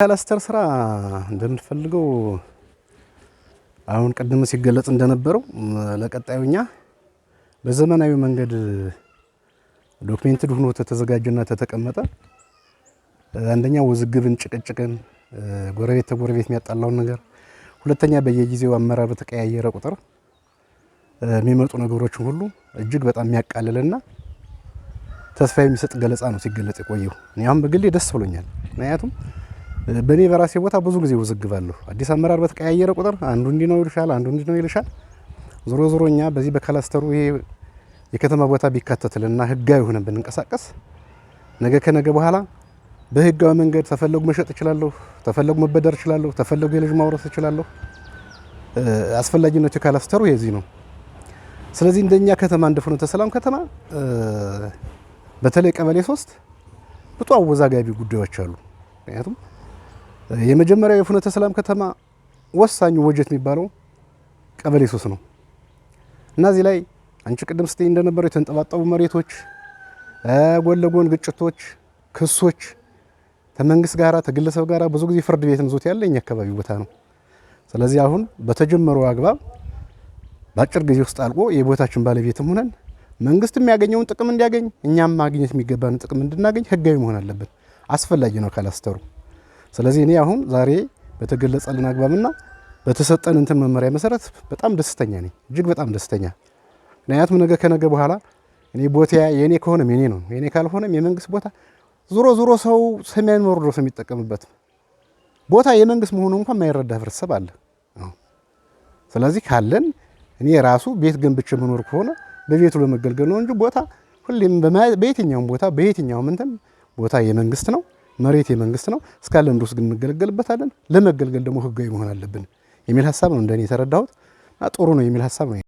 ክላስተር ስራ እንደምንፈልገው አሁን ቅድም ሲገለጽ እንደነበረው ለቀጣዩኛ በዘመናዊ መንገድ ዶክሜንትድ ሆኖ ተተዘጋጀና ተተቀመጠ አንደኛ ውዝግብን፣ ጭቅጭቅን፣ ጎረቤት ተጎረቤት የሚያጣላውን ነገር፣ ሁለተኛ በየጊዜው አመራር በተቀያየረ ቁጥር የሚመጡ ነገሮችን ሁሉ እጅግ በጣም የሚያቃልልና ተስፋ የሚሰጥ ገለጻ ነው ሲገለጽ የቆየው። እኔ አሁን በግሌ ደስ ብሎኛል። ምክንያቱም በእኔ በራሴ ቦታ ብዙ ጊዜ ውዝግባለሁ። አዲስ አመራር በተቀያየረ ቁጥር አንዱ እንዲህ ነው ይልሻል፣ አንዱ እንዲህ ነው ይልሻል። ዞሮ ዞሮ እኛ በዚህ በክላስተሩ ይሄ የከተማ ቦታ ቢካተትልና ህጋዊ ሆነን ብንንቀሳቀስ ነገ ከነገ በኋላ በህጋዊ መንገድ ተፈለጉ መሸጥ እችላለሁ፣ ተፈለጉ መበደር እችላለሁ፣ ተፈለጉ የልጅ ማውረስ እችላለሁ። አስፈላጊነቱ የክላስተሩ የዚህ ነው። ስለዚህ እንደኛ ከተማ እንደ ፍኖተ ሰላም ከተማ በተለይ ቀበሌ ሶስት ብጡ አወዛጋቢ ጉዳዮች አሉ። ምክንያቱም የመጀመሪያው የፍኖተ ሰላም ከተማ ወሳኙ ወጀት የሚባለው ቀበሌ ሶስት ነው እና እዚህ ላይ አንቺ ቅድም ስትይ እንደነበረው የተንጠባጠቡ መሬቶች፣ ጎን ለጎን ግጭቶች፣ ክሶች ከመንግስት ጋራ ከግለሰብ ጋራ ብዙ ጊዜ ፍርድ ቤትም ዞት ያለ እኛ አካባቢ ቦታ ነው። ስለዚህ አሁን በተጀመረው አግባብ በአጭር ጊዜ ውስጥ አልቆ የቦታችን ባለቤትም ሆነን መንግስት የሚያገኘውን ጥቅም እንዲያገኝ እኛም ማግኘት የሚገባን ጥቅም እንድናገኝ ህጋዊ መሆን አለብን። አስፈላጊ ነው ካላስተሩ ስለዚህ እኔ አሁን ዛሬ በተገለጸልን አግባብና በተሰጠን እንትን መመሪያ መሰረት በጣም ደስተኛ ነኝ፣ እጅግ በጣም ደስተኛ። ምክንያቱም ነገ ከነገ በኋላ እኔ ቦታ የእኔ ከሆነም የኔ ነው፣ የኔ ካልሆነም የመንግስት ቦታ። ዞሮ ዞሮ ሰው ሰማይን ወርዶ ሰው የሚጠቀምበት ቦታ የመንግስት መሆኑ እንኳን የማይረዳ ህብረተሰብ አለ። ስለዚህ ካለን እኔ ራሱ ቤት ገንብቼ መኖር ከሆነ በቤቱ ለመገልገል ነው እንጂ ቦታ ሁሌም በየትኛውም ቦታ በየትኛውም እንትን ቦታ የመንግስት ነው። መሬት የመንግስት ነው እስካለን ድረስ ግን እንገለገልበታለን። ለመገልገል ደግሞ ህጋዊ መሆን አለብን የሚል ሀሳብ ነው እንደኔ የተረዳሁት። ጥሩ ነው የሚል ሀሳብ ነው።